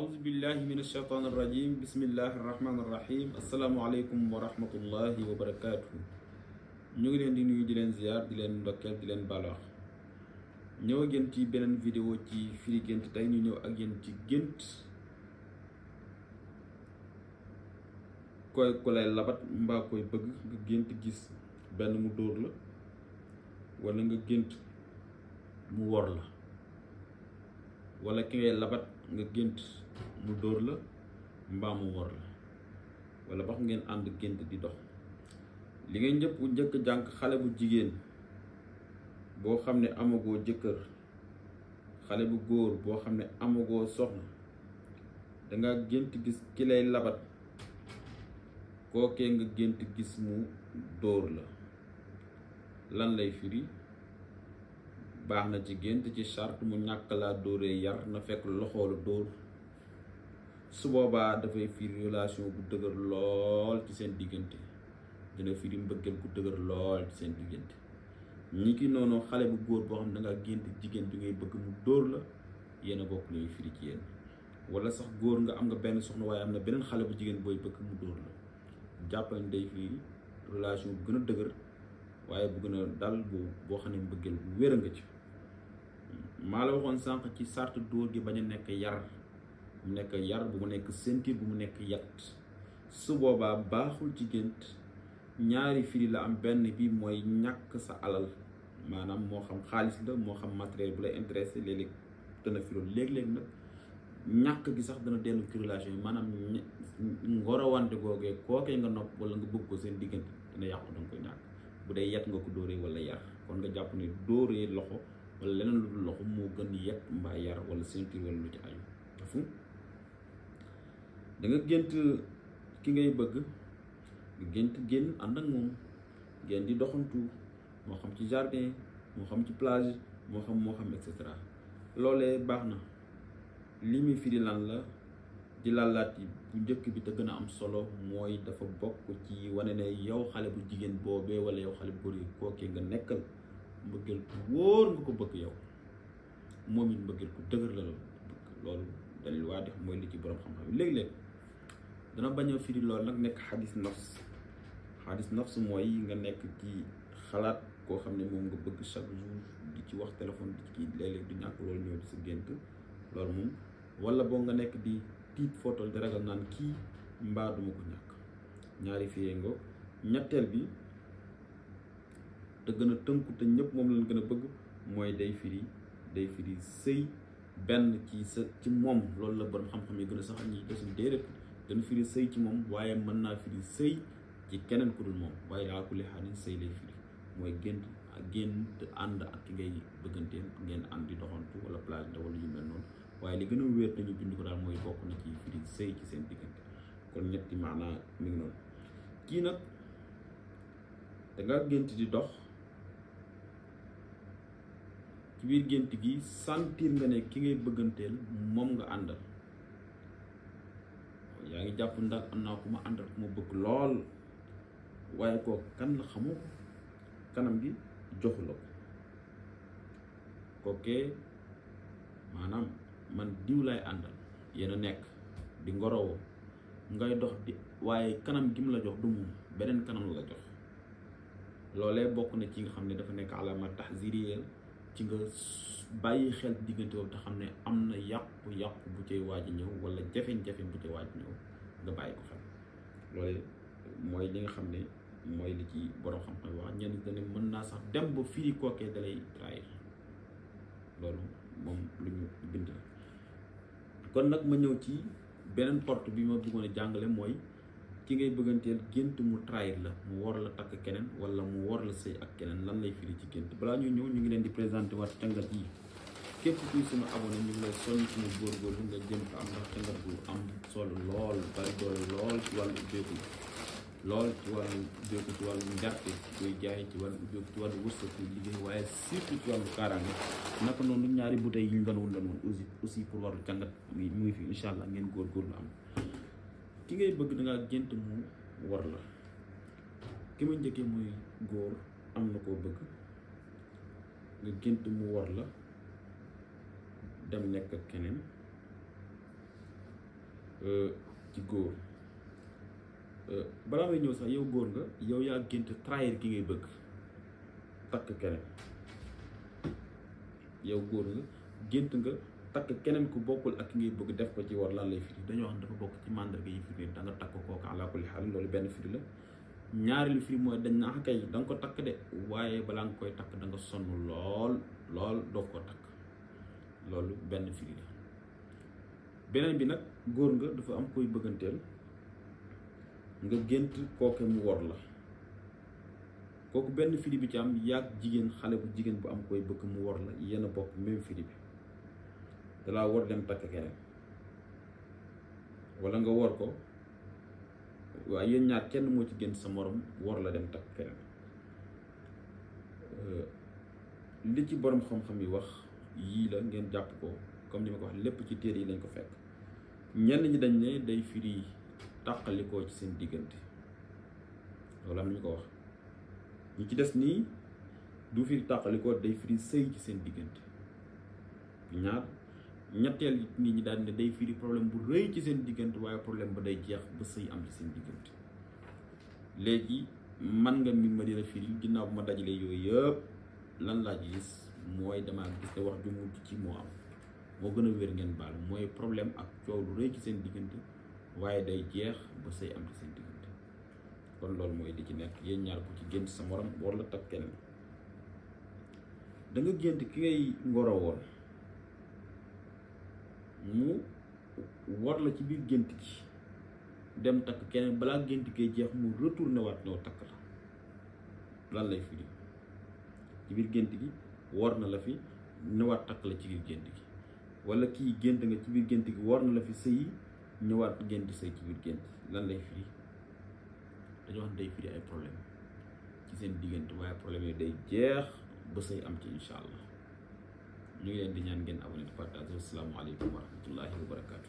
أعوذ بالله من الشيطان الرجيم بسم الله الرحمن الرحيم asalaamaaleykum wa rahmatullahi wa barakaatu ñu ngi leen di nuyu di leen ziar leen ndokkeel di leen balax ñëw ak yéen ci beneen vidéo ci firi gént tey ñu ñëw ak yéen ci gént koy ku lay labat mbaa koy bëgg nga gént gis benn mu dóor la wala nga gént mu wor la wala ki ngay labat nga gént mu dóor la mbaa mu wor la wala bax ngeen ànd gént di dox li ngay njëpp jëkk jànk xale bu jigéen boo xam ne amagoo jëkkër xale bu góor boo xam ne amagoo soxna danga gént gis ki lay labat kookee nga gént gis mu dóor la lan lay firi baax na ci gént ci charte mu ñàkk laa dóoree yar na fekk loxoolu dóor su boobaa dafay firi relation bu dëgër lool ci seen diggante dina firi mbëggeel bu dëgër lool ci seen diggante ñi ki noonu xale bu góor boo xam ne danga gént jigéen bi ngay bëgg mu dóor la yéen a bokk luy firi ci yéen wala sax góor nga am nga benn soxna waaye am na beneen xale bu jigéen booy bëgg mu dóor la jàppal day firi relation bu gën a dëgër waaye bu gën a dal boo wér nga ci maa la waxoon sànq ci sart dóor gi bañu a nekk yar mu nekk yar bu mu nekk sentir bu mu nekk yat su boobaa baaxul ci gént ñaari firi la am benn bi mooy ñàkk sa alal maanaam moo xam xaalis la moo xam matériel bu lay intéressé léeg-léeg dana firoon léeg-léeg nag ñàkk gi sax dana dellu ci relation yi maanaam ngorowante googee kookee nga nopp wala nga bëgg ko seen diggante dana yàqu danga koy ñàkk bu dee yat nga ko dóoree wala yar kon nga jàpp ne dóoree loxo wala leneen lu dul loxo moo gën yet mbaa yar wala ceinture wala lu ci aju dafu gént ki ngay bëgg nga gént génn ànd ak moom ngeen di doxantu moo xam ci jardin moo xam ci plage moo xam moo xam et cetera loolee baax na li muy firi lan la di lalaat yi bu njëkk bi te gën a am solo mooy dafa bokk ci wane ne yow xale bu jigéen boobee wala yow xale bu góor yi kookee nga nekkal mbëggeel bu wóor nga ko bëgg yow moom it mbëggeel ku dëgër la loolu loolu dalil waa def mooy li ci borom xam-xam yi léeg dana bañ a firi loolu nag nekk xadis nafs xadis nafs mooy nga nekk ci xalaat koo xam ne moom nga bëgg chaque jour di ci wax téléphone di ci léeg-léeg du ñàkk loolu ñëw di sa gént loolu moom wala boo nga nekk di tiit footol di ragal naan kii mbaa duma ko ñàkk ñaari fiyee nga ñetteel bi te gën a tënku te ñëpp moom lañ gën a bëgg mooy day firi day firi sëy benn ci sa ci moom loolu la borom xam-xam yi gën a sax ak ñi desul déedéet dana firi sëy ci moom waaye mën naa firi sëy ci keneen ku dul moom waaye daa kulli xaalis mooy gént ak gént ànd ak ki ngay bëgganteel ngeen ànd di doxantu wala plage wala mel noonu waaye li gën a wéer dañu bind ko daal mooy bokk na ci firi sëy ci seen diggante kon ñetti maanaa mi ngi noonu kii nag da gént di dox. ci biir gént gi sentir nga ne ki ngay bëgganteel moom nga àndal yaa ngi jàpp ndax am naa ku ma àndal ku ma bëgg lool waaye kooku kan la xamoo kanam gi joxu la ko kookee maanaam man diw lay àndal yéen a nekk di ngorowoo ngay dox di waaye kanam gi mu la jox du moom beneen kanam la jox loolee bokk na ci nga xam ne dafa nekk alama tahziriya ci nga bàyyi xel diggante boobu te xam ne am na yàqu-yàqu bu cay waaj a ñëw wala jafe-jafe bu cay waaj a ñëw nga bàyyi ko xel loolu xam ne mooy li ci borom xam mën naa sax dem ba firi kookee dalay trahir loolu moom lu ñu bind la kon nag ma ñëw ci beneen port bi ma bëggoon a jàngale mooy ki ngay bëgganteel gént mu trahir la mu wor la takk keneen wala mu wor la sëy ak keneen lan lay firi ci gént balaa ñuy ñëw ñu ngi leen di présenté waat cangat yi képp kuy suñu abonné ñu ngi lay soññ suñu lu nga jëm ko am ndax cangat bu am solo lool bari doole lool ci wàllu ubbeeku lool ci wàllu ubbeeku ci wàllu njarte ci koy jaay ci wàllu ubbeeku ci wàllu wërsëg ci liggéey waaye surtout ci wàllu kaaraange naka noonu ñaari bouteilles yi ñu doon wundoon woon aussi aussi pour wàllu cangat ngi fi incha allah ngeen góorgóorlu am ki ngay bëgg da gént mu war la ki ma njëkkee muy góor am na koo bëgg nga gént mu war la dem nekk ak keneen euh, ci góor euh, balaa may ñëw sax yow góor nga yow yaa gént trahir ki ngay bëgg takk keneen yow góor nga gént nga takk keneen ku bokkul ak ngay bëgg def ko ci war lan lay firi dañoo xam dafa bokk ci màndarga yi firi da takk kooku ala kulli loolu benn firi la ñaareelu firi mooy dañ na ah kay da nga ko takk de waaye balaa nga koy takk da nga sonn lool lool doo ko takk loolu benn firi la beneen bi nag góor nga dafa am koy bëgganteel nga gént kooke mu wor la kooku benn firi bi ci am yàgg jigéen xale bu jigéen bu am koy bëgg mu wor la yenn a bokk même firi bi dalaa wor dem takk keneen wala nga war ko waaye yéen ñaar kenn moo ci gën sa moroom war la dem takk keneen euh, li ci boroom xam-xam yi wax yii la ngeen jàpp ko comme ni ma ko wax lépp ci téere yi lañ ko fekk ñenn ñi dañ ne day firi tàqalikoo ci seen diggante loolu am ñu ko wax ñu ci des nii du firi tàqalikoo day firi sëy ci seen diggante ñaar ñetteel nit ñi daan ne day firi problème bu rëy ci seen diggante waaye problème ba day jeex ba sëy am ci seen diggante léegi man nga mi ma dina firi ginnaaw bu ma dajalee yooyu yëpp lan laa gis mooy damaa gis te wax ju mujj ci moo am moo gën a wér ngeen baal mooy problème ak coow lu rëy ci seen diggante waaye day jeex ba sëy am ci seen diggante kon loolu mooy li ci nekk yéen ñaar ko ci gént sa morom war la takk kenn da nga ki ngay ngoro mu war la ci biir gént gi dem takk keneen balaa gént gee jeex mu retourné waat ñëw takk la lan lay firi ci biir gént gi war na la fi ñëwaat takk la ci biir gént gi walla kii gént nga ci biir gént gi war na la fi sëyi ñëwaat gént sëy ci biir gént lan lay firi dañoo xam day firi ay problème ci seen diggante waaye problème yi day jeex ba sëy am ci incha allah ñu ngi leen di ñaan ngeen abonné di partage asalaamaaleykum wa rahmatullahi wa barakaatu.